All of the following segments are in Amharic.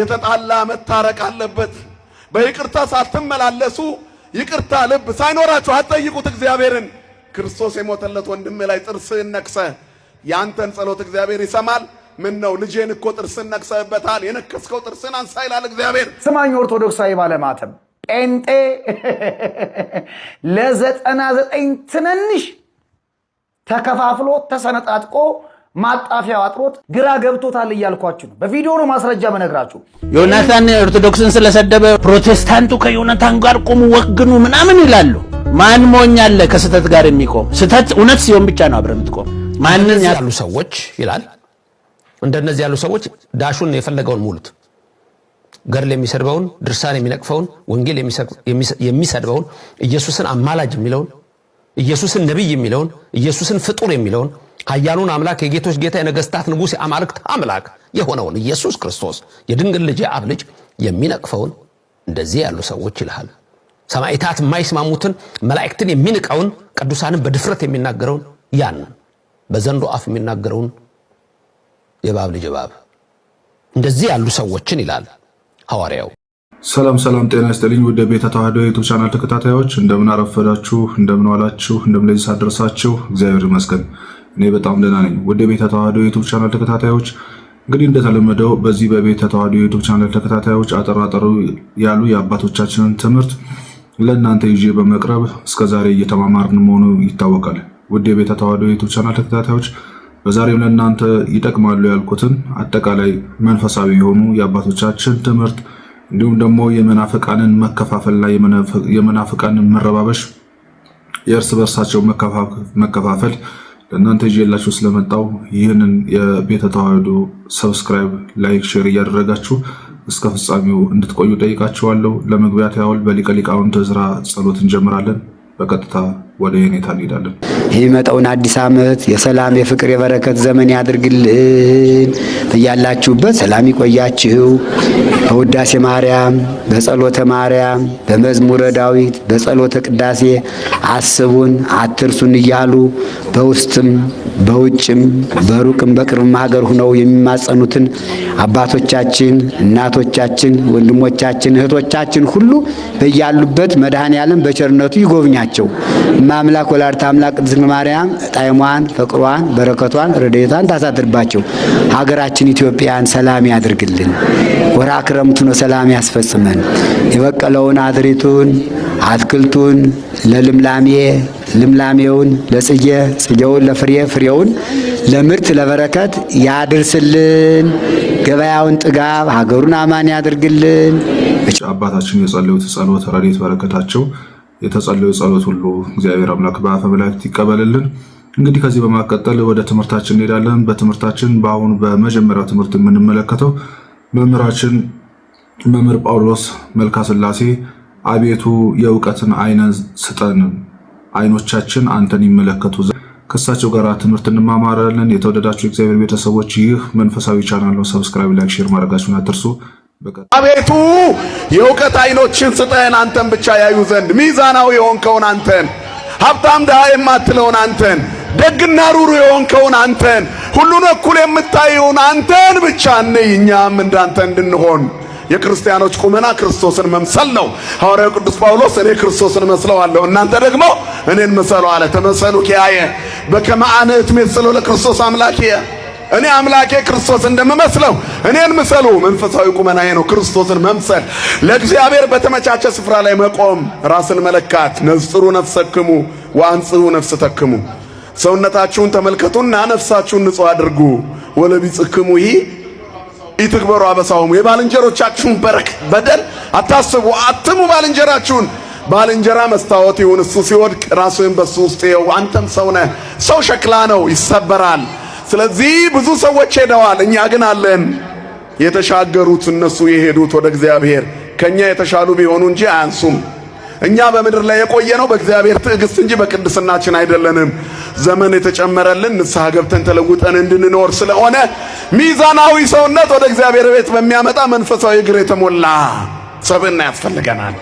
የተጣላ መታረቅ አለበት። በይቅርታ ሳትመላለሱ ይቅርታ ልብ ሳይኖራችሁ አትጠይቁት እግዚአብሔርን። ክርስቶስ የሞተለት ወንድም ላይ ጥርስህን ነቅሰህ ያንተን ጸሎት እግዚአብሔር ይሰማል። ምን ነው ልጄን እኮ ጥርስን ነቅሰህበታል፣ የነከስከው ጥርስን አንሳ ይላል እግዚአብሔር። ስማኝ ኦርቶዶክሳዊ ባለማተም ጴንጤ ለዘጠና ዘጠኝ ትንንሽ ተከፋፍሎ ተሰነጣጥቆ ማጣፊያ አጥሮት ግራ ገብቶታል እያልኳችሁ ነው። በቪዲዮ ነው ማስረጃ መነግራችሁ። ዮናታን ኦርቶዶክስን ስለሰደበ ፕሮቴስታንቱ ከዮናታን ጋር ቆሙ ወግኑ ምናምን ይላሉ። ማን ሞኝ አለ ከስህተት ጋር የሚቆም? ስህተት እውነት ሲሆን ብቻ ነው አብረ የምትቆም። ማንን ያሉ ሰዎች ይላል። እንደነዚህ ያሉ ሰዎች ዳሹን የፈለገውን ሙሉት። ገድል የሚሰድበውን፣ ድርሳን የሚነቅፈውን፣ ወንጌል የሚሰድበውን፣ ኢየሱስን አማላጅ የሚለውን፣ ኢየሱስን ነቢይ የሚለውን፣ ኢየሱስን ፍጡር የሚለውን ኃያሉን አምላክ የጌቶች ጌታ የነገስታት ንጉሥ የአማልክት አምላክ የሆነውን ኢየሱስ ክርስቶስ የድንግል ልጅ የአብ ልጅ የሚነቅፈውን እንደዚህ ያሉ ሰዎች ይልሃል። ሰማይታት የማይስማሙትን መላእክትን የሚንቀውን ቅዱሳንን በድፍረት የሚናገረውን ያን በዘንዶ አፍ የሚናገረውን የባብ ልጅ ባብ እንደዚህ ያሉ ሰዎችን ይላል ሐዋርያው። ሰላም ሰላም፣ ጤና ይስጥልኝ ወደ ቤተ ተዋህዶ ዩቱብ ቻናል ተከታታዮች እንደምን አረፈዳችሁ፣ እንደምን ዋላችሁ፣ እንደምን ለዚህ ሳደረሳችሁ እግዚአብሔር ይመስገን። እኔ በጣም ደህና ነኝ። ወደ ቤተ ተዋህዶ ዩቱብ ቻናል ተከታታዮች እንግዲህ እንደተለመደው በዚህ በቤተ ተዋህዶ ዩቱብ ቻናል ተከታታዮች አጠራጠሩ ያሉ የአባቶቻችንን ትምህርት ለእናንተ ይዤ በመቅረብ እስከዛሬ እየተማማርን መሆኑ ይታወቃል። ወደ ቤተ ተዋህዶ ዩቱብ ቻናል ተከታታዮች በዛሬም ለእናንተ ይጠቅማሉ ያልኩትን አጠቃላይ መንፈሳዊ የሆኑ የአባቶቻችን ትምህርት እንዲሁም ደግሞ የመናፍቃንን መከፋፈልና የመናፍቃንን መረባበሽ፣ የእርስ በእርሳቸው መከፋፈል ለእናንተ ይዤላችሁ ስለመጣው ይህንን የቤተ ተዋህዶ ሰብስክራይብ፣ ላይክ፣ ሼር እያደረጋችሁ እስከ ፍጻሜው እንድትቆዩ ጠይቃችኋለሁ። ለመግቢያት ያውል በሊቀ ሊቃውንት ዕዝራ ጸሎት እንጀምራለን። በቀጥታ ወደ የኔታ እንሄዳለን። የሚመጣውን አዲስ ዓመት የሰላም የፍቅር የበረከት ዘመን ያድርግልን። እያላችሁበት ሰላም ይቆያችሁ። በውዳሴ ማርያም፣ በጸሎተ ማርያም፣ በመዝሙረ ዳዊት፣ በጸሎተ ቅዳሴ አስቡን አትርሱን እያሉ በውስጥም በውጭም በሩቅም በቅርብም ሀገር ሁነው የሚማጸኑትን አባቶቻችን፣ እናቶቻችን፣ ወንድሞቻችን፣ እህቶቻችን ሁሉ በያሉበት መድኃኔ ዓለም በቸርነቱ ይጎብኛቸው። ማምላክ ወላዲተ አምላክ ድንግል ማርያም ጣዕሟን፣ ፍቅሯን፣ በረከቷን፣ ረድኤቷን ታሳድርባቸው። ሀገራችን ኢትዮጵያን ሰላም ያድርግልን። ወርኃ ነው፣ ሰላም ያስፈጽመን። የበቀለውን አድሪቱን አትክልቱን ለልምላሜ ልምላሜውን ለጽጌ ጽጌውን ለፍሬ ፍሬውን ለምርት ለበረከት ያድርስልን። ገበያውን ጥጋብ ሀገሩን አማን ያድርግልን። አባታችን የጸለዩት ጸሎት ረድኤት በረከታቸው የተጸለዩ ጸሎት ሁሉ እግዚአብሔር አምላክ በአፈ መላእክት ይቀበልልን። እንግዲህ ከዚህ በማቀጠል ወደ ትምህርታችን እንሄዳለን። በትምህርታችን በአሁኑ በመጀመሪያው ትምህርት የምንመለከተው መምህራችን መምህር ጳውሎስ መልካ ስላሴ አቤቱ የእውቀትን አይነ ስጠን፣ አይኖቻችን አንተን ይመለከቱ ከእሳቸው ጋር ትምህርት እንማማራለን። የተወደዳቸው የእግዚአብሔር ቤተሰቦች ይህ መንፈሳዊ ቻናል ነው። ሰብስክራይብ፣ ላይክ፣ ሼር ማድረጋችሁን አትርሱ። አቤቱ የእውቀት አይኖችን ስጠን፣ አንተን ብቻ ያዩ ዘንድ ሚዛናዊ የሆንከውን አንተን፣ ሀብታም ድሃ የማትለውን አንተን፣ ደግና ሩሩ የሆንከውን አንተን፣ ሁሉን እኩል የምታየውን አንተን ብቻ እንይ፣ እኛም እንዳንተ እንድንሆን። የክርስቲያኖች ቁመና ክርስቶስን መምሰል ነው። ሐዋርያው ቅዱስ ጳውሎስ እኔ ክርስቶስን መስለዋለሁ እናንተ ደግሞ እኔን ምሰሉ አለ። ተመሰሉ ኪያየ በከመ አነ እትሜ ስለ ለክርስቶስ አምላክየ እኔ አምላኬ ክርስቶስ እንደምመስለው እኔን ምሰሉ። መንፈሳዊ ቁመና ይሄ ነው፣ ክርስቶስን መምሰል። ለእግዚአብሔር በተመቻቸ ስፍራ ላይ መቆም፣ ራስን መለካት። ነጽሩ ነፍሰክሙ ወአንጽሁ ተክሙ። ሰውነታችሁን ተመልከቱና ነፍሳችሁን ንጹሕ አድርጉ። ወለቢጽክሙ ይህ ኢትግበሩ አበሳውሙ፣ የባልንጀሮቻችሁን በረክ በደል አታስቡ፣ አትሙ ባልንጀራችሁን ባልንጀራ መስታወት ይሁን፣ እሱ ሲወድቅ ራስህን በሱ ውስጥ የው። አንተም ሰው ነህ። ሰው ሸክላ ነው፣ ይሰበራል። ስለዚህ ብዙ ሰዎች ሄደዋል፣ እኛ ግን አለን። የተሻገሩት እነሱ የሄዱት ወደ እግዚአብሔር ከኛ የተሻሉ ቢሆኑ እንጂ አያንሱም። እኛ በምድር ላይ የቆየ ነው በእግዚአብሔር ትዕግስት እንጂ በቅድስናችን አይደለንም። ዘመን የተጨመረልን ንስሐ ገብተን ተለውጠን እንድንኖር ስለሆነ ሚዛናዊ ሰውነት ወደ እግዚአብሔር ቤት በሚያመጣ መንፈሳዊ እግር የተሞላ ሰብና ያስፈልገናል።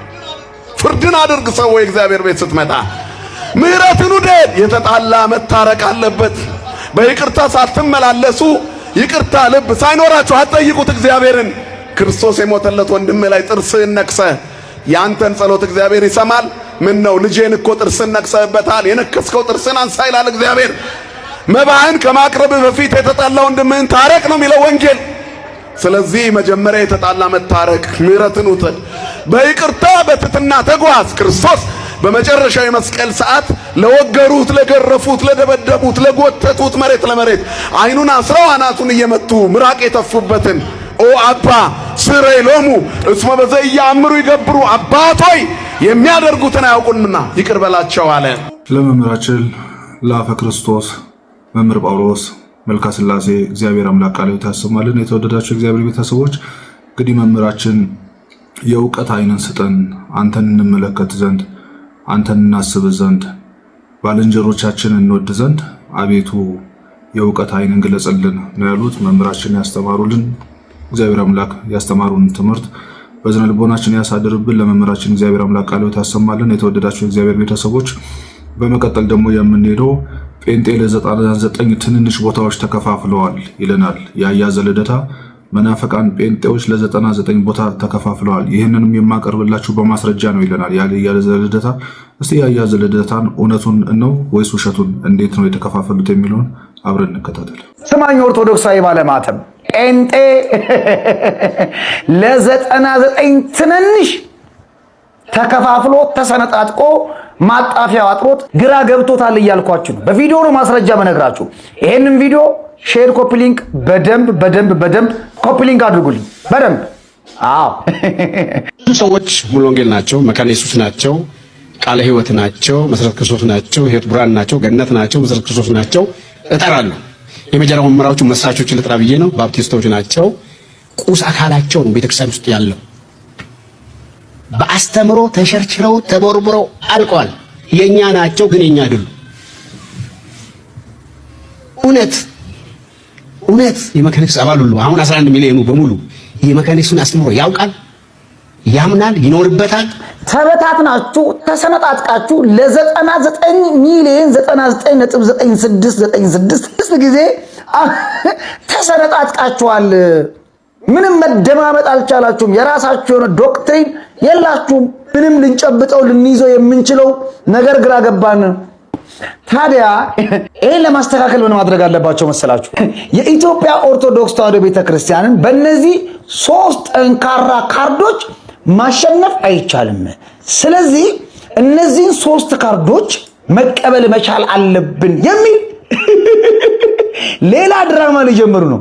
ፍርድን አድርግ ሰው የእግዚአብሔር ቤት ስትመጣ፣ ምሕረትን ውደድ። የተጣላ መታረቅ አለበት። በይቅርታ ሳትመላለሱ ይቅርታ ልብ ሳይኖራችሁ አትጠይቁት እግዚአብሔርን። ክርስቶስ የሞተለት ወንድም ላይ ጥርስህን ነክሰ ያንተን ጸሎት እግዚአብሔር ይሰማል። ምን ነው ልጄን እኮ ጥርስን ነክሰህበታል፣ የነከስከው ጥርስን አንሳ ይላል እግዚአብሔር። መባህን ከማቅረብ በፊት የተጣላ ወንድምህን ታረቅ ነው የሚለው ወንጌል። ስለዚህ መጀመሪያ የተጣላ መታረቅ፣ ምህረትን ውጥል፣ በይቅርታ በትትና ተጓዝ ክርስቶስ በመጨረሻ የመስቀል ሰዓት ለወገሩት፣ ለገረፉት፣ ለደበደቡት፣ ለጎተቱት መሬት ለመሬት አይኑን አስረው አናቱን እየመቱ ምራቅ የተፉበትን ኦ አባ ስረይ ሎሙ እስመ በዘይ ያምሩ ይገብሩ አባቶይ የሚያደርጉትን አያውቁምና ይቅር በላቸው አለ። ለመምህራችን ለአፈ ክርስቶስ መምህር ጳውሎስ መልካ ስላሴ እግዚአብሔር አምላክ ቃል ይታሰማልን። የተወደዳቸው እግዚአብሔር ቤተሰቦች እንግዲህ መምህራችን የእውቀት ዓይንን ስጠን አንተን እንመለከት ዘንድ አንተን እናስብ ዘንድ ባልንጀሮቻችን እንወድ ዘንድ አቤቱ የእውቀት ዓይንን ግለጽልን ነው ያሉት መምህራችን ያስተማሩልን እግዚአብሔር አምላክ ያስተማሩን ትምህርት በዝነ ልቦናችን ያሳድርብን። ለመምህራችን እግዚአብሔር አምላክ ቃሎት ያሰማልን። የተወደዳቸው እግዚአብሔር ቤተሰቦች፣ በመቀጠል ደግሞ የምንሄደው ጴንጤ ለዘጠና ዘጠኝ ትንንሽ ቦታዎች ተከፋፍለዋል ይለናል የአያዘ ልደታ መናፈቃን ጴንጤዎች ለ99 ቦታ ተከፋፍለዋል። ይህንንም የማቀርብላችሁ በማስረጃ ነው ይለናል ያልያ ዘልደታ። እስቲ ያያ ዘልደታን እውነቱን ነው ወይስ ውሸቱን፣ እንዴት ነው የተከፋፈሉት የሚለውን አብረን እንከታተል። ስማኝ ኦርቶዶክሳዊ ባለማተም ጴንጤ ለ99 ትንንሽ ተከፋፍሎ ተሰነጣጥቆ ማጣፊያ አጥሮት ግራ ገብቶታል እያልኳችሁ ነው። በቪዲዮ ነው ማስረጃ መነግራችሁ። ይሄንን ቪዲዮ ሼር፣ ኮፒ ሊንክ በደንብ በደንብ በደንብ ኮፒ ሊንክ አድርጉልኝ በደንብ አዎ። ብዙ ሰዎች ሙሉ ወንጌል ናቸው፣ መካነ ኢየሱስ ናቸው፣ ቃለ ህይወት ናቸው፣ መሰረት ክርስቶስ ናቸው፣ ሕይወት ብርሃን ናቸው፣ ገነት ናቸው፣ መሰረት ክርስቶስ ናቸው ህይወት ብርሃን ናቸው ገነት ናቸው መሰረት ክርስቶስ ናቸው እጠራለሁ የመጀመሪያው መመራዎቹ መሳቾችን ልጥራ ብዬ ነው። ባፕቲስቶች ናቸው። ቁስ አካላቸው ነው ቤተክርስቲያን ውስጥ ያለው በአስተምሮ ተሸርችረው ተቦርቡረው አልቋል። የኛ ናቸው ግን የኛ አይደሉ። እውነት እውነት የመካኒክስ አባል ሁሉ አሁን 11 ሚሊዮኑ በሙሉ የመካኒክሱን አስተምሮ ያውቃል፣ ያምናል፣ ይኖርበታል። ተበታትናችሁ ተሰነጣጥቃችሁ ለ99 ሚሊዮን 99.9696 ጊዜ ተሰነጣጥቃችኋል። ምንም መደማመጥ አልቻላችሁም። የራሳችሁ የሆነ ዶክትሪን የላችሁም። ምንም ልንጨብጠው ልንይዘው የምንችለው ነገር ግራ ገባን። ታዲያ ይህን ለማስተካከል ምን ማድረግ አለባቸው መሰላችሁ? የኢትዮጵያ ኦርቶዶክስ ተዋሕዶ ቤተክርስቲያንን በእነዚህ ሶስት ጠንካራ ካርዶች ማሸነፍ አይቻልም። ስለዚህ እነዚህን ሶስት ካርዶች መቀበል መቻል አለብን የሚል ሌላ ድራማ ሊጀምሩ ነው።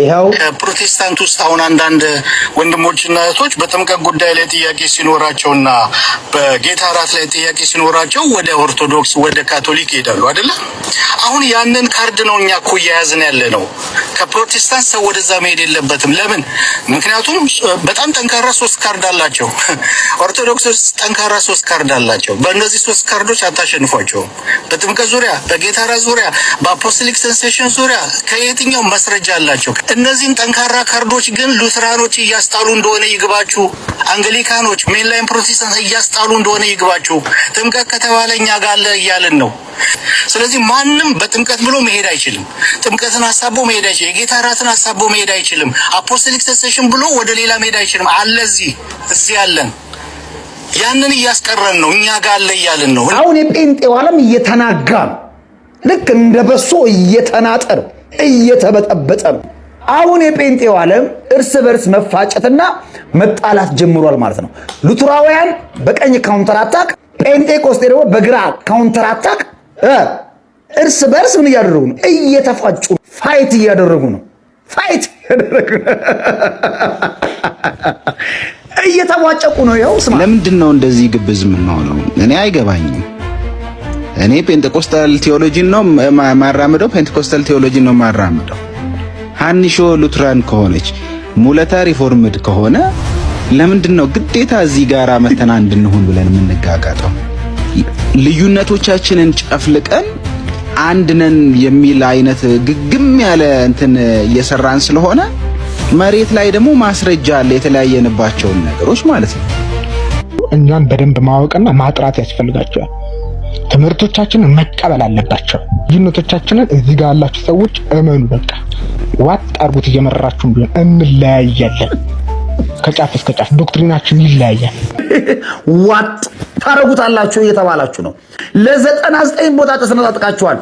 ይኸው ፕሮቴስታንት ውስጥ አሁን አንዳንድ ወንድሞችና እህቶች በጥምቀት ጉዳይ ላይ ጥያቄ ሲኖራቸውና በጌታ እራት ላይ ጥያቄ ሲኖራቸው ወደ ኦርቶዶክስ ወደ ካቶሊክ ይሄዳሉ አይደለ? አሁን ያንን ካርድ ነው እኛ እኮ እያያዝን ያለ ነው። ከፕሮቴስታንት ሰው ወደዛ መሄድ የለበትም። ለምን? ምክንያቱም በጣም ጠንካራ ሶስት ካርድ አላቸው። ውስጥ ጠንካራ ሶስት ካርድ አላቸው። በእነዚህ ሶስት ካርዶች አታሸንፏቸውም። በጥምቀት ዙሪያ፣ በጌታ እራት ዙሪያ፣ በአፖስቶሊክ ሴንሴሽን ዙሪያ ከየትኛው መስረጃ አላቸው? እነዚህን ጠንካራ ካርዶች ግን ሉትራኖች እያስጣሉ እንደሆነ ይግባችሁ። አንግሊካኖች፣ ሜንላይን ፕሮቴስታንት እያስጣሉ እንደሆነ ይግባችሁ። ጥምቀት ከተባለ እኛ ጋር እያልን ነው። ስለዚህ ማንም በጥምቀት ብሎ መሄድ አይችልም። ጥምቀትን አሳቦ መሄድ አይችልም። የጌታ እራትን አሳቦ መሄድ አይችልም። አፖስቶሊክ ሰሴሽን ብሎ ወደ ሌላ መሄድ አይችልም። አለ እዚህ እዚህ አለን። ያንን እያስቀረን ነው። እኛ ጋለ አለ እያልን ነው። አሁን የጴንጤው ዓለም እየተናጋ ልክ እንደ በሶ እየተናጠ እየተበጠበጠ ነው። አሁን የጴንጤው ዓለም እርስ በርስ መፋጨትና መጣላት ጀምሯል ማለት ነው። ሉትራውያን በቀኝ ካውንተር አታክ፣ ጴንጤቆስጤ ደግሞ በግራ ካውንተር አታክ። እርስ በርስ ምን እያደረጉ ነው? እየተፋጩ ፋይት እያደረጉ ነው። ፋይት እያደረጉ እየተቧጨቁ ነው። ይኸው ስማ። ለምንድን ነው እንደዚህ ግብዝ የምንሆነው? እኔ አይገባኝም። እኔ ፔንቴኮስታል ቴዎሎጂን ነው ማራምደው፣ ፔንቴኮስታል ቴዎሎጂን ነው ማራምደው ሀኒሾ ሉትራን ከሆነች ሙለታ ሪፎርምድ ከሆነ ለምንድን ነው ግዴታ እዚህ ጋር መተና እንድንሆን ብለን የምንጋጋጠው? ልዩነቶቻችንን ጨፍልቀን አንድ ነን የሚል አይነት ግግም ያለ እንትን እየሰራን ስለሆነ መሬት ላይ ደግሞ ማስረጃ አለ፣ የተለያየንባቸውን ነገሮች ማለት ነው። እኛን በደንብ ማወቅና ማጥራት ያስፈልጋቸዋል። ትምህርቶቻችንን መቀበል አለባቸው። ልዩነቶቻችንን እዚህ ጋር ያላችሁ ሰዎች እመኑ፣ በቃ ዋጥ አድርጉት። እየመራችሁም ቢሆን እንለያያለን። ከጫፍ እስከ ጫፍ ዶክትሪናችን ይለያያል። ዋጥ ታረጉታላችሁ እየተባላችሁ ነው። ለዘጠና ዘጠኝ ቦታ ተሰነጣጥቃችኋል።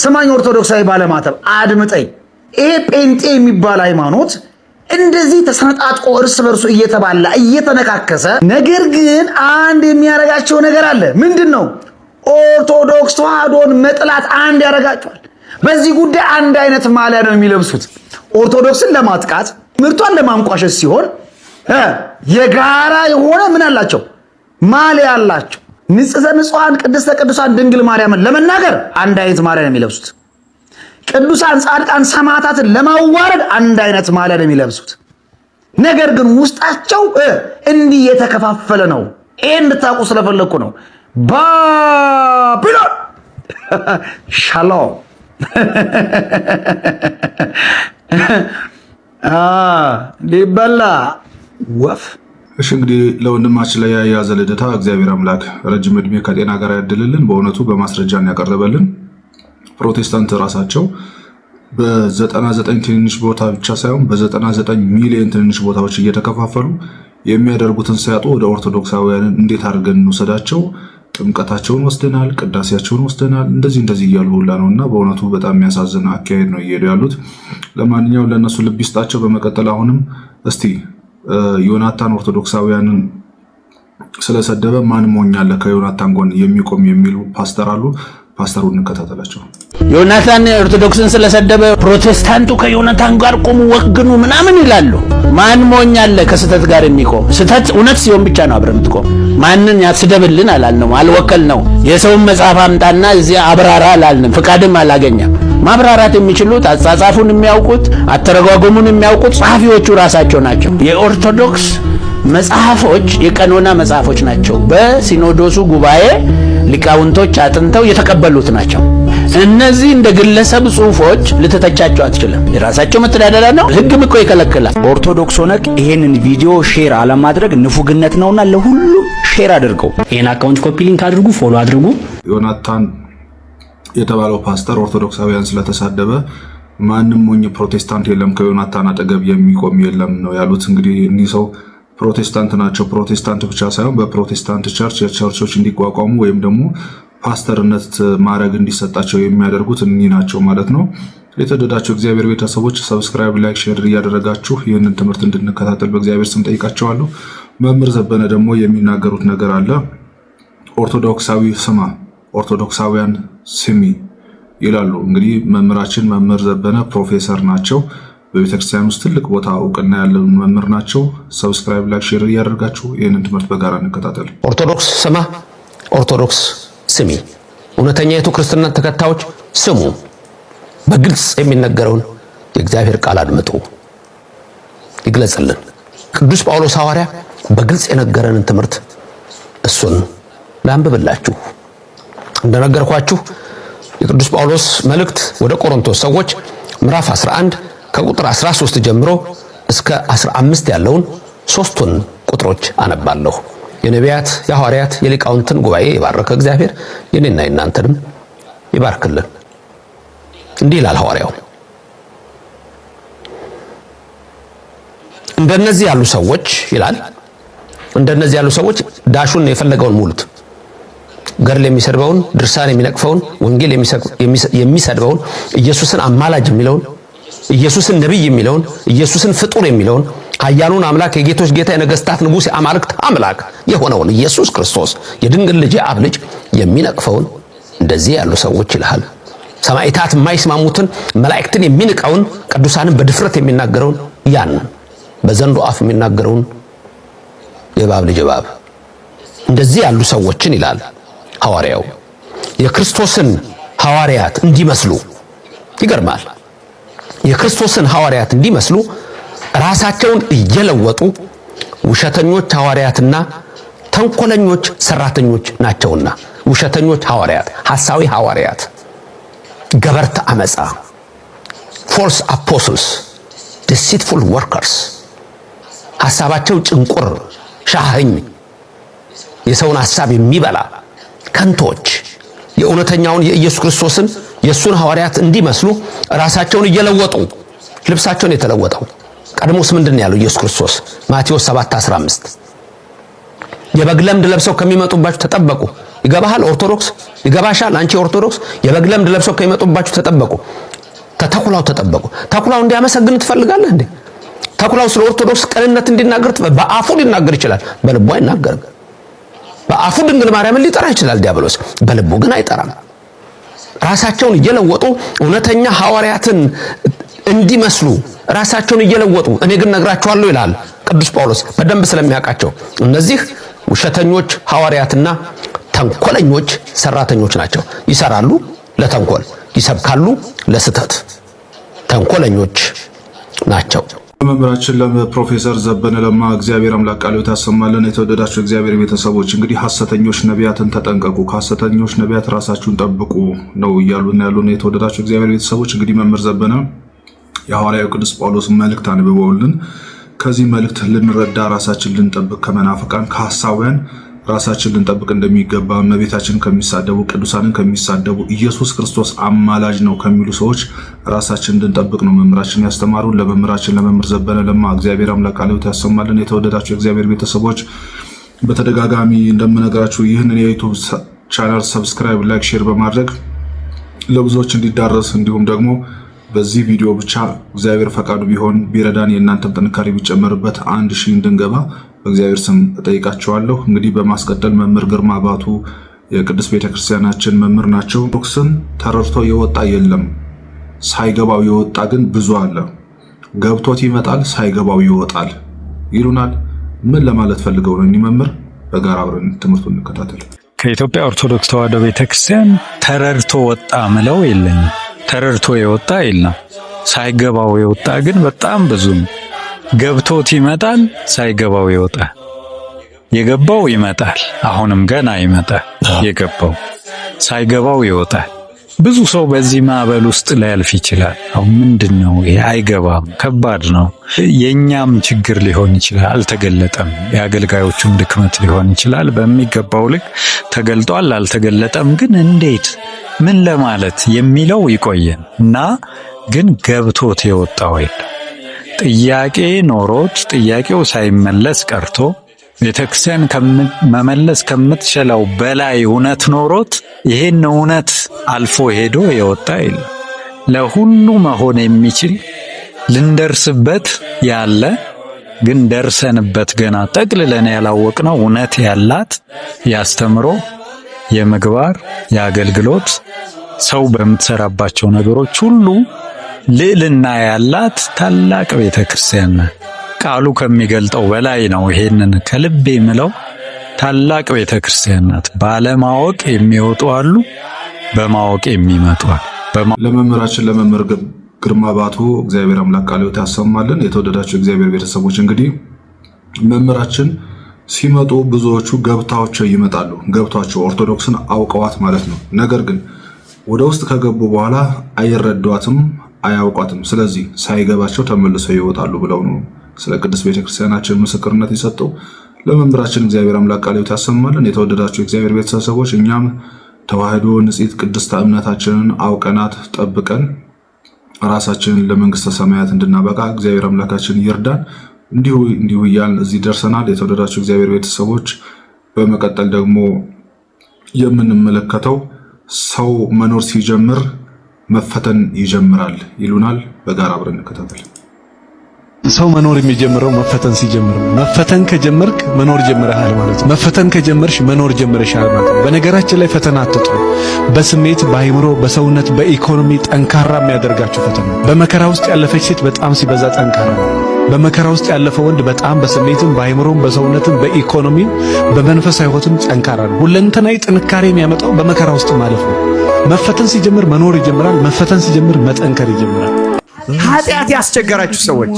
ስማኝ ኦርቶዶክሳዊ ባለማተብ አድምጠኝ። ይሄ ጴንጤ የሚባል ሃይማኖት እንደዚህ ተሰነጣጥቆ እርስ በርሱ እየተባላ እየተነካከሰ፣ ነገር ግን አንድ የሚያደርጋቸው ነገር አለ። ምንድን ነው? ኦርቶዶክስ ተዋህዶን መጥላት አንድ ያደርጋቸዋል። በዚህ ጉዳይ አንድ አይነት ማሊያ ነው የሚለብሱት። ኦርቶዶክስን ለማጥቃት ምርቷን ለማንቋሸት ሲሆን የጋራ የሆነ ምን አላቸው? ማሊያ አላቸው። ንጽሕተ ንጹሐን ቅድስተ ቅዱሳን ድንግል ማርያምን ለመናገር አንድ አይነት ማሊያ ነው የሚለብሱት። ቅዱሳን ጻድቃን ሰማዕታትን ለማዋረድ አንድ አይነት ማሊያ ነው የሚለብሱት። ነገር ግን ውስጣቸው እንዲህ የተከፋፈለ ነው። ይሄ እንድታውቁ ስለፈለግኩ ነው። ባቢሎን ሻሎም ሊበላ ወፍ። እሺ እንግዲህ ለወንድማችን ላይ ያያዘ ልደታ እግዚአብሔር አምላክ ረጅም እድሜ ከጤና ጋር ያድልልን። በእውነቱ በማስረጃን ያቀረበልን ፕሮቴስታንት ራሳቸው በ99 ትንንሽ ቦታ ብቻ ሳይሆን በ99 ሚሊዮን ትንንሽ ቦታዎች እየተከፋፈሉ የሚያደርጉትን ሲያጡ ወደ ኦርቶዶክሳውያንን እንዴት አድርገን እንውሰዳቸው? ጥምቀታቸውን ወስደናል፣ ቅዳሴያቸውን ወስደናል፣ እንደዚህ እንደዚህ እያሉ ሁላ ነው እና በእውነቱ በጣም የሚያሳዝን አካሄድ ነው እየሄዱ ያሉት። ለማንኛውም ለእነሱ ልብ ይስጣቸው። በመቀጠል አሁንም እስቲ ዮናታን ኦርቶዶክሳውያንን ስለሰደበ ማን ሞኛለ ከዮናታን ጎን የሚቆም የሚሉ ፓስተር አሉ። ፓስተሩን እንከታተላቸው። ዮናታን ኦርቶዶክስን ስለሰደበ ፕሮቴስታንቱ ከዮናታን ጋር ቆሙ ወግኑ ምናምን ይላሉ። ማን ሞኝ አለ ከስተት ጋር የሚቆም? ስተት እውነት ሲሆን ብቻ ነው አብረ የምትቆም። ማንን ያስደብልን አላልነው፣ አልወከል ነው። የሰውን መጽሐፍ አምጣና እዚያ አብራራ አላልንም፣ ፍቃድም አላገኘም። ማብራራት የሚችሉት አጻጻፉን የሚያውቁት አተረጓጎሙን የሚያውቁት ጸሐፊዎቹ ራሳቸው ናቸው። የኦርቶዶክስ መጽሐፎች የቀኖና መጽሐፎች ናቸው። በሲኖዶሱ ጉባኤ ሊቃውንቶች አጥንተው የተቀበሉት ናቸው። እነዚህ እንደ ግለሰብ ጽሁፎች ልትተቻቸው አትችልም። የራሳቸው መተዳደሪያ ነው። ህግም እኮ ይከለክላል። ኦርቶዶክስ ሆነህ ይህንን ቪዲዮ ሼር አለማድረግ ንፉግነት ነውና ለሁሉም ሼር አድርገው። ይህን አካውንት ኮፒ ሊንክ አድርጉ፣ ፎሎ አድርጉ። ዮናታን የተባለው ፓስተር ኦርቶዶክሳውያን ስለተሳደበ ማንም ሞኝ ፕሮቴስታንት የለም ከዮናታን አጠገብ የሚቆም የለም ነው ያሉት። እንግዲህ እኒህ ሰው ፕሮቴስታንት ናቸው። ፕሮቴስታንት ብቻ ሳይሆን በፕሮቴስታንት ቸርች የቸርቾች እንዲቋቋሙ ወይም ደግሞ ፓስተርነት ማድረግ እንዲሰጣቸው የሚያደርጉት እኒህ ናቸው ማለት ነው። የተወደዳቸው እግዚአብሔር ቤተሰቦች ሰብስክራይብ፣ ላይክ፣ ሼር እያደረጋችሁ ይህንን ትምህርት እንድንከታተል በእግዚአብሔር ስም ጠይቃቸዋለሁ። መምህር ዘበነ ደግሞ የሚናገሩት ነገር አለ። ኦርቶዶክሳዊ ስማ፣ ኦርቶዶክሳውያን ስሚ ይላሉ። እንግዲህ መምህራችን መምህር ዘበነ ፕሮፌሰር ናቸው። በቤተክርስቲያን ውስጥ ትልቅ ቦታ እውቅና ያለን መምህር ናቸው። ሰብስክራይብ፣ ላይክ፣ ሼር እያደረጋችሁ ይህንን ትምህርት በጋራ እንከታተል። ኦርቶዶክስ ስማ፣ ኦርቶዶክስ ስሚ፣ እውነተኛ የቱ ክርስትና ተከታዮች ስሙ፣ በግልጽ የሚነገረውን የእግዚአብሔር ቃል አድምጡ፣ ይግለጽልን። ቅዱስ ጳውሎስ ሐዋርያ በግልጽ የነገረንን ትምህርት እሱን ላንብብላችሁ። እንደነገርኳችሁ የቅዱስ ጳውሎስ መልእክት ወደ ቆሮንቶስ ሰዎች ምዕራፍ 11 ከቁጥር 13 ጀምሮ እስከ 15 ያለውን ሶስቱን ቁጥሮች አነባለሁ። የነቢያት የሐዋርያት የሊቃውንትን ጉባኤ የባረከ እግዚአብሔር የኔና የናንተንም ይባርክልን። እንዲህ ይላል ሐዋርያው እንደነዚህ ያሉ ሰዎች ይላል። እንደነዚህ ያሉ ሰዎች ዳሹን የፈለገውን ሙሉት። ገድል የሚሰድበውን፣ ድርሳን የሚነቅፈውን፣ ወንጌል የሚሰድበውን፣ ኢየሱስን አማላጅ የሚለውን ኢየሱስን ነቢይ የሚለውን ኢየሱስን ፍጡር የሚለውን ኃያሉን አምላክ የጌቶች ጌታ የነገስታት ንጉሥ የአማልክት አምላክ የሆነውን ኢየሱስ ክርስቶስ የድንግል ልጅ የአብ ልጅ የሚነቅፈውን እንደዚህ ያሉ ሰዎች ይልሃል። ሰማይታት የማይስማሙትን መላእክትን የሚንቀውን ቅዱሳንን በድፍረት የሚናገረውን ያን በዘንዶ አፍ የሚናገረውን የእባብ ልጅ እባብ እንደዚህ ያሉ ሰዎችን ይላል ሐዋርያው የክርስቶስን ሐዋርያት እንዲመስሉ ይገርማል። የክርስቶስን ሐዋርያት እንዲመስሉ ራሳቸውን እየለወጡ ውሸተኞች ሐዋርያትና ተንኮለኞች ሰራተኞች ናቸውና ውሸተኞች ሐዋርያት፣ ሐሳዊ ሐዋርያት፣ ገበርተ አመፃ፣ ፎልስ አፖስልስ ዲሲትፉል ወርከርስ፣ ሐሳባቸው ጭንቁር ሻህኝ፣ የሰውን ሐሳብ የሚበላ ከንቶች የእውነተኛውን የኢየሱስ ክርስቶስን የእሱን ሐዋርያት እንዲመስሉ ራሳቸውን እየለወጡ ልብሳቸውን የተለወጠው ቀድሞስ ምንድን ያለው ኢየሱስ ክርስቶስ ማቴዎስ 7:15 የበግ ለምድ ለብሰው ከሚመጡባችሁ ተጠበቁ። ይገባሃል? ኦርቶዶክስ ይገባሻል? አንቺ ኦርቶዶክስ የበግ ለምድ ለብሰው ከሚመጡባችሁ ተጠበቁ፣ ከተኩላው ተጠበቁ። ተኩላው እንዲያመሰግን ትፈልጋለህ እንዴ? ተኩላው ስለ ኦርቶዶክስ ቅንነት እንዲናገር በአፉ ሊናገር ይችላል፣ በልቡ አይናገርም። በአፉ ድንግል ማርያምን ሊጠራ ይችላል ዲያብሎስ፣ በልቡ ግን አይጠራም። ራሳቸውን እየለወጡ እውነተኛ ሐዋርያትን እንዲመስሉ ራሳቸውን እየለወጡ እኔ ግን ነግራቸዋለሁ ይላል ቅዱስ ጳውሎስ በደንብ ስለሚያውቃቸው እነዚህ ውሸተኞች ሐዋርያትና ተንኮለኞች ሰራተኞች ናቸው። ይሰራሉ ለተንኮል፣ ይሰብካሉ ለስተት። ተንኮለኞች ናቸው። መምህራችን ለፕሮፌሰር ዘበነ ለማ እግዚአብሔር አምላክ ቃል ታሰማለን። የተወደዳችሁ እግዚአብሔር ቤተሰቦች እንግዲህ ሐሰተኞች ነቢያትን ተጠንቀቁ፣ ከሐሰተኞች ነቢያት ራሳችሁን ጠብቁ ነው እያሉና ያሉ የተወደዳችሁ እግዚአብሔር ቤተሰቦች እንግዲህ መምህር ዘበነ የሐዋርያው ቅዱስ ጳውሎስ መልእክት አንብበውልን ከዚህ መልእክት ልንረዳ ራሳችን ልንጠብቅ ከመናፍቃን ከሐሳውያን ራሳችን ልንጠብቅ እንደሚገባ እመቤታችን ከሚሳደቡ ቅዱሳንን ከሚሳደቡ ኢየሱስ ክርስቶስ አማላጅ ነው ከሚሉ ሰዎች ራሳችን ልንጠብቅ ነው መምህራችን ያስተማሩን። ለመምህራችን ለመምህር ዘበነ ለማ እግዚአብሔር አምላክ ቃልዎት ያሰማልን። የተወደዳቸው የእግዚአብሔር ቤተሰቦች በተደጋጋሚ እንደምነግራችሁ ይህንን የዩቱብ ቻናል ሰብስክራይብ፣ ላይክ፣ ሼር በማድረግ ለብዙዎች እንዲዳረስ እንዲሁም ደግሞ በዚህ ቪዲዮ ብቻ እግዚአብሔር ፈቃዱ ቢሆን ቢረዳን የእናንተም ጥንካሬ ቢጨመርበት አንድ ሺህ እንድንገባ በእግዚአብሔር ስም እጠይቃቸዋለሁ። እንግዲህ በማስቀጠል መምህር ግርማ ባቱ የቅዱስ ቤተክርስቲያናችን መምህር ናቸው። ኦርቶዶክስን ተረድቶ የወጣ የለም፣ ሳይገባው የወጣ ግን ብዙ አለ። ገብቶት ይመጣል፣ ሳይገባው ይወጣል ይሉናል። ምን ለማለት ፈልገው ነው? እኒህ መምህር በጋራ አብረን ትምህርቱ እንከታተል። ከኢትዮጵያ ኦርቶዶክስ ተዋህዶ ቤተክርስቲያን ተረድቶ ወጣ ምለው የለኝም። ተረድቶ የወጣ የለም፣ ሳይገባው የወጣ ግን በጣም ብዙ ነው። ገብቶት ይመጣል፣ ሳይገባው ይወጣ። የገባው ይመጣል፣ አሁንም ገና ይመጣ የገባው ሳይገባው ይወጣል። ብዙ ሰው በዚህ ማዕበል ውስጥ ሊያልፍ ይችላል። አሁን ምንድን ነው ይሄ? አይገባም፣ ከባድ ነው። የእኛም ችግር ሊሆን ይችላል፣ አልተገለጠም። የአገልጋዮቹም ድክመት ሊሆን ይችላል። በሚገባው ልክ ተገልጧል፣ አልተገለጠም። ግን እንዴት ምን ለማለት የሚለው ይቆየን እና ግን ገብቶት የወጣው የለም። ጥያቄ ኖሮት ጥያቄው ሳይመለስ ቀርቶ ቤተክርስቲያን መመለስ ከምትችለው በላይ እውነት ኖሮት ይህን እውነት አልፎ ሄዶ የወጣ የለ ለሁሉ መሆን የሚችል ልንደርስበት ያለ ግን ደርሰንበት ገና ጠቅልለን ያላወቅነው እውነት ያላት ያስተምሮ፣ የምግባር፣ የአገልግሎት ሰው በምትሰራባቸው ነገሮች ሁሉ ልዕልና ያላት ታላቅ ቤተ ክርስቲያን ናት። ቃሉ ከሚገልጠው በላይ ነው። ይሄንን ከልቤ የምለው ታላቅ ቤተ ክርስቲያን ናት። ባለማወቅ የሚወጡ አሉ፣ በማወቅ የሚመጡ አሉ። ለመምህራችን ለመምህር ግርማ ባቱ እግዚአብሔር አምላክ ቃሉ ያሰማልን። የተወደዳቸው እግዚአብሔር ቤተሰቦች እንግዲህ መምህራችን ሲመጡ ብዙዎቹ ገብታቸው ይመጣሉ። ገብቷቸው ኦርቶዶክስን አውቀዋት ማለት ነው። ነገር ግን ወደ ውስጥ ከገቡ በኋላ አይረዷትም፣ አያውቋትም። ስለዚህ ሳይገባቸው ተመልሰው ይወጣሉ ብለው ነው ስለ ቅድስት ቤተክርስቲያናችን ምስክርነት የሰጠው። ለመምህራችን እግዚአብሔር አምላክ ቃል ያሰማልን። የተወደዳችሁ የእግዚአብሔር ቤተሰቦች እኛም ተዋህዶ ንጽሕት ቅድስት እምነታችንን አውቀናት ጠብቀን ራሳችንን ለመንግስተ ሰማያት እንድናበቃ እግዚአብሔር አምላካችን ይርዳን። እንዲሁ እንዲሁ እያልን እዚህ ደርሰናል። የተወደዳችሁ እግዚአብሔር ቤተሰቦች በመቀጠል ደግሞ የምንመለከተው ሰው መኖር ሲጀምር መፈተን ይጀምራል ይሉናል። በጋራ አብረን እንከታተል። ሰው መኖር የሚጀምረው መፈተን ሲጀምር፣ መፈተን ከጀመርክ መኖር ጀምረሃል ማለት ነው። መፈተን ከጀመርሽ መኖር ጀምረሻል ማለት ነው። በነገራችን ላይ ፈተና አትጥሩ። በስሜት በአይምሮ፣ በሰውነት፣ በኢኮኖሚ ጠንካራ የሚያደርጋችሁ ፈተና። በመከራ ውስጥ ያለፈች ሴት በጣም ሲበዛ ጠንካራ ነው። በመከራ ውስጥ ያለፈ ወንድ በጣም በስሜትም በአይምሮም በሰውነትም በኢኮኖሚም በመንፈሳዊ ህይወትም ጠንካራ ነው። ሁለንተናዊ ጥንካሬ የሚያመጣው በመከራ ውስጥ ማለፍ ነው። መፈተን ሲጀምር መኖር ይጀምራል። መፈተን ሲጀምር መጠንከር ይጀምራል። ኃጢአት ያስቸገራችሁ ሰዎች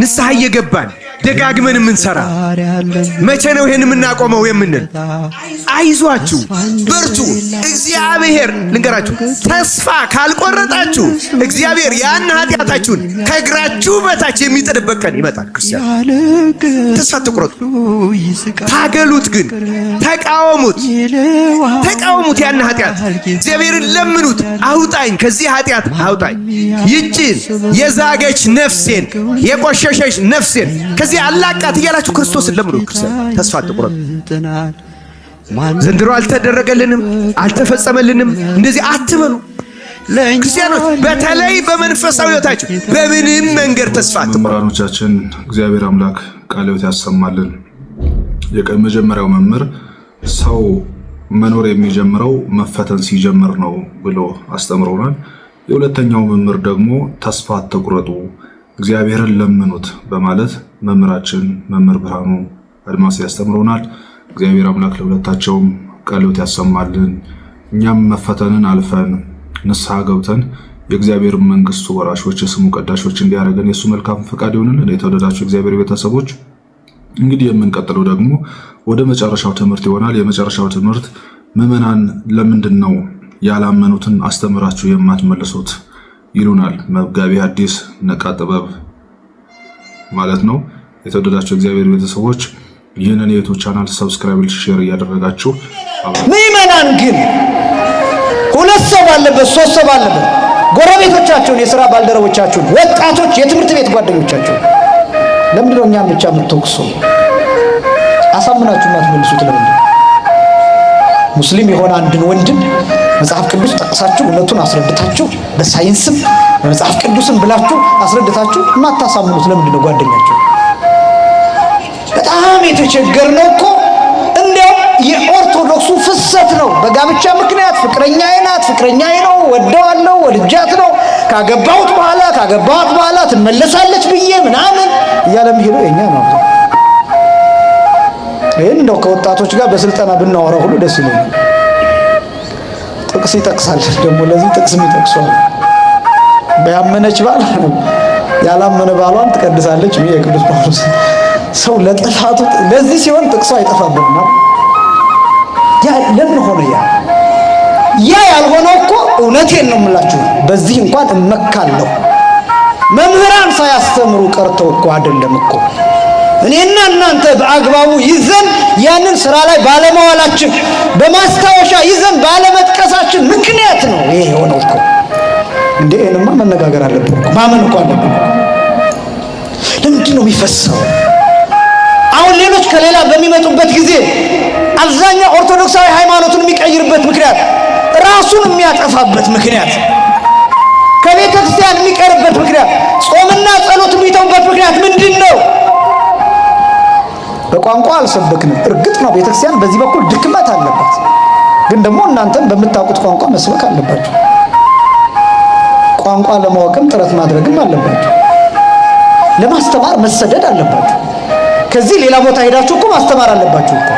ንስሐ እየገባን ደጋግመን የምንሰራ መቼ ነው ይህን የምናቆመው የምንል አይዟችሁ፣ በርቱ። እግዚአብሔር ልንገራችሁ፣ ተስፋ ካልቆረጣችሁ እግዚአብሔር ያን ኃጢአታችሁን ከእግራችሁ በታች የሚጥልበት ቀን ይመጣል። ክርስቲያን ተስፋ ትቁረጡ፣ ታገሉት፣ ግን ተቃወሙት፣ ተቃወሙት። ያን ኃጢአት እግዚአብሔርን ለምኑት። አውጣኝ፣ ከዚህ ኃጢአት አውጣኝ፣ ይጭን የዛገች ነፍሴን የቆሸሸች ነፍሴን ከዚህ አላቃት እያላችሁ ክርስቶስን ለምኑት። ክርስቲያን ተስፋ ትቁረጡ። ዘንድሮ አልተደረገልንም፣ አልተፈጸመልንም። እንደዚህ አትበሉ ክርስቲያኖች። በተለይ በመንፈሳዊ ሕይወታችሁ በምንም መንገድ ተስፋ መምህራኖቻችን፣ እግዚአብሔር አምላክ ቃለ ሕይወት ያሰማልን። የመጀመሪያው መምህር ሰው መኖር የሚጀምረው መፈተን ሲጀምር ነው ብሎ አስተምረውናል። የሁለተኛው መምህር ደግሞ ተስፋ አትቁረጡ፣ እግዚአብሔርን ለምኑት በማለት መምህራችን መምህር ብርሃኑ አድማስ ያስተምረውናል። እግዚአብሔር አምላክ ለሁለታቸውም ቀሎት ያሰማልን። እኛም መፈተንን አልፈን ንስሐ ገብተን የእግዚአብሔር መንግስቱ ወራሾች የስሙ ቀዳሾች እንዲያደርገን የእሱ መልካም ፈቃድ ይሆንልን። የተወደዳቸው እግዚአብሔር ቤተሰቦች እንግዲህ የምንቀጥለው ደግሞ ወደ መጨረሻው ትምህርት ይሆናል። የመጨረሻው ትምህርት ምዕመናን ለምንድን ነው ያላመኑትን አስተምራችሁ የማትመልሱት ይሉናል መጋቢ ሐዲስ ነቃ ጥበብ ማለት ነው። የተወደዳቸው እግዚአብሔር ቤተሰቦች ይህንን የዩቱብ ቻናል ሰብስክራይብ፣ ሼር እያደረጋችሁ ምዕመናን ግን ሁለት ሰው ባለበት ሶስት ሰው ባለበት ጎረቤቶቻችሁን፣ የስራ ባልደረቦቻችሁን፣ ወጣቶች፣ የትምህርት ቤት ጓደኞቻችሁን ለምንድነው እኛን ብቻ የምትወቅሱ? አሳምናችሁ ማትመልሱት ለምንድን ሙስሊም የሆነ አንድን ወንድም መጽሐፍ ቅዱስ ጠቅሳችሁ እውነቱን አስረድታችሁ በሳይንስም በመጽሐፍ ቅዱስም ብላችሁ አስረድታችሁ ማታሳምኑት ለምንድን ነው ጓደኛችሁ? በጣም የተቸገር ነው እኮ እንዲያውም የኦርቶዶክሱ ፍሰት ነው። በጋብቻ ምክንያት ፍቅረኛዬ ናት፣ ፍቅረኛዬ ነው፣ ወደዋለሁ፣ ወልጃት ነው፣ ካገባሁት በኋላ ካገባኋት በኋላ ትመለሳለች ብዬ ምናምን እያለ ሄዶ የኛ ነው። ይህን እንደው ከወጣቶች ጋር በስልጠና ብናወራ ሁሉ ደስ ይለኛል። ጥቅስ ይጠቅሳል ደግሞ ለዚህ ጥቅስም ይጠቅሷል። ያመነች ባል ያላመነ ባሏን ትቀድሳለች ብዬ የቅዱስ ጳውሎስ ሰው ለጥፋቱ ለዚህ ሲሆን ጥቅሶ አይጠፋምና ያ ለምን ሆነ? ያ ያ ያልሆነው እኮ እውነቴን ነው የምላችሁ። በዚህ እንኳን እመካለሁ። መምህራን ሳያስተምሩ ቀርተው እኮ አይደለም እኮ እኔና እናንተ በአግባቡ ይዘን ያንን ስራ ላይ ባለመዋላችን በማስታወሻ ይዘን ባለመጥቀሳችን ምክንያት ነው ይሄ የሆነው እኮ። እንዴ እኔማ መነጋገር አለብን፣ ማመን እኮ አለብን። ለምንድን ነው የሚፈሰው? ሌሎች ከሌላ በሚመጡበት ጊዜ አብዛኛው ኦርቶዶክሳዊ ሃይማኖቱን የሚቀይርበት ምክንያት፣ ራሱን የሚያጠፋበት ምክንያት፣ ከቤተ ክርስቲያን የሚቀርበት ምክንያት፣ ጾምና ጸሎት የሚተውበት ምክንያት ምንድን ነው? በቋንቋ አልሰበክንም። እርግጥ ነው ቤተ ክርስቲያን በዚህ በኩል ድክመት አለባት። ግን ደግሞ እናንተም በምታውቁት ቋንቋ መስበክ አለባቸው። ቋንቋ ለማወቅም ጥረት ማድረግም አለባቸው። ለማስተማር መሰደድ አለባቸው። ከዚህ ሌላ ቦታ ሄዳችሁ እኮ ማስተማር አለባችሁ እኮ።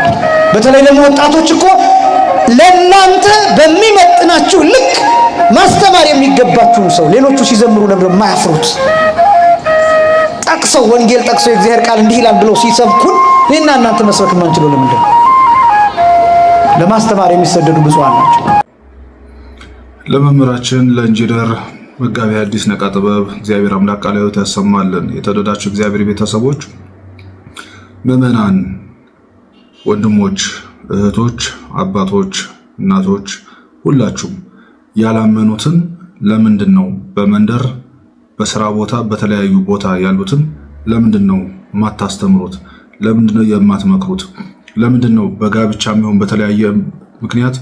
በተለይ ደግሞ ወጣቶች እኮ ለእናንተ በሚመጥናችሁ ልክ ማስተማር የሚገባችሁን ሰው ሌሎቹ ሲዘምሩ ለምደ ማያፍሩት ጠቅሰው ወንጌል ጠቅሰው የእግዚአብሔር ቃል እንዲህ ይላል ብለው ሲሰብኩን እኔና እናንተ መስበክ የማንችለው ለምንድን ነው? ለማስተማር የሚሰደዱ ብፁዓን ናቸው። ለመምህራችን ለኢንጂነር መጋቢ አዲስ ነቃ ጥበብ እግዚአብሔር አምላክ ቃለ ሕይወት ያሰማልን። የተወደዳችሁ እግዚአብሔር ቤተሰቦች ምዕመናን ወንድሞች፣ እህቶች፣ አባቶች፣ እናቶች ሁላችሁም ያላመኑትን ለምንድን ነው በመንደር በስራ ቦታ በተለያዩ ቦታ ያሉትን ለምንድን ነው የማታስተምሩት? ለምንድን ነው የማትመክሩት? ለምንድን ነው በጋብቻ የሚሆን በተለያየ ምክንያት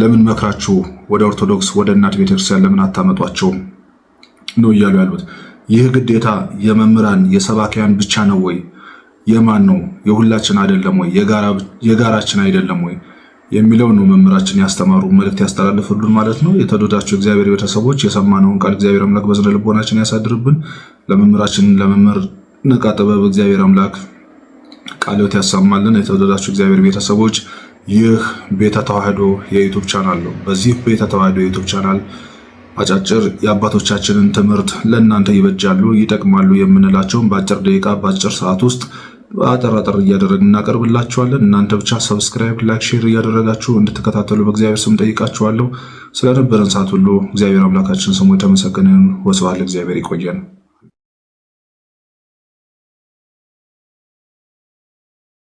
ለምን መክራችሁ ወደ ኦርቶዶክስ ወደ እናት ቤተክርስቲያን ለምን አታመጧቸውም ነው እያሉ ያሉት። ይህ ግዴታ የመምህራን የሰባኪያን ብቻ ነው ወይ? የማን ነው? የሁላችን አይደለም ወይ? የጋራችን አይደለም ወይ የሚለው ነው መምህራችን ያስተማሩ መልእክት ያስተላልፍሉን ማለት ነው። የተወደዳችሁ እግዚአብሔር ቤተሰቦች የሰማነውን ቃል እግዚአብሔር አምላክ በዝነ ልቦናችን ያሳድርብን። ለመምህራችን ለመምህር ንቃ ጥበብ እግዚአብሔር አምላክ ቃልዎት ያሰማልን። የተወደዳችሁ እግዚአብሔር ቤተሰቦች ይህ ቤተ ተዋህዶ የዩቱብ ቻናል ነው። በዚህ ቤተ ተዋህዶ የዩቱብ ቻናል አጫጭር የአባቶቻችንን ትምህርት ለእናንተ ይበጃሉ፣ ይጠቅማሉ የምንላቸውን በአጭር ደቂቃ በአጭር ሰዓት ውስጥ አጠራጠር እያደረግን እናቀርብላችኋለን። እናንተ ብቻ ሰብስክራይብ፣ ላይክ፣ ሼር እያደረጋችሁ እንድትከታተሉ በእግዚአብሔር ስም ጠይቃችኋለሁ። ስለነበረን ሰዓት ሁሉ እግዚአብሔር አምላካችን ስሙ የተመሰገነን። ወስብሐት ለእግዚአብሔር። ይቆየን።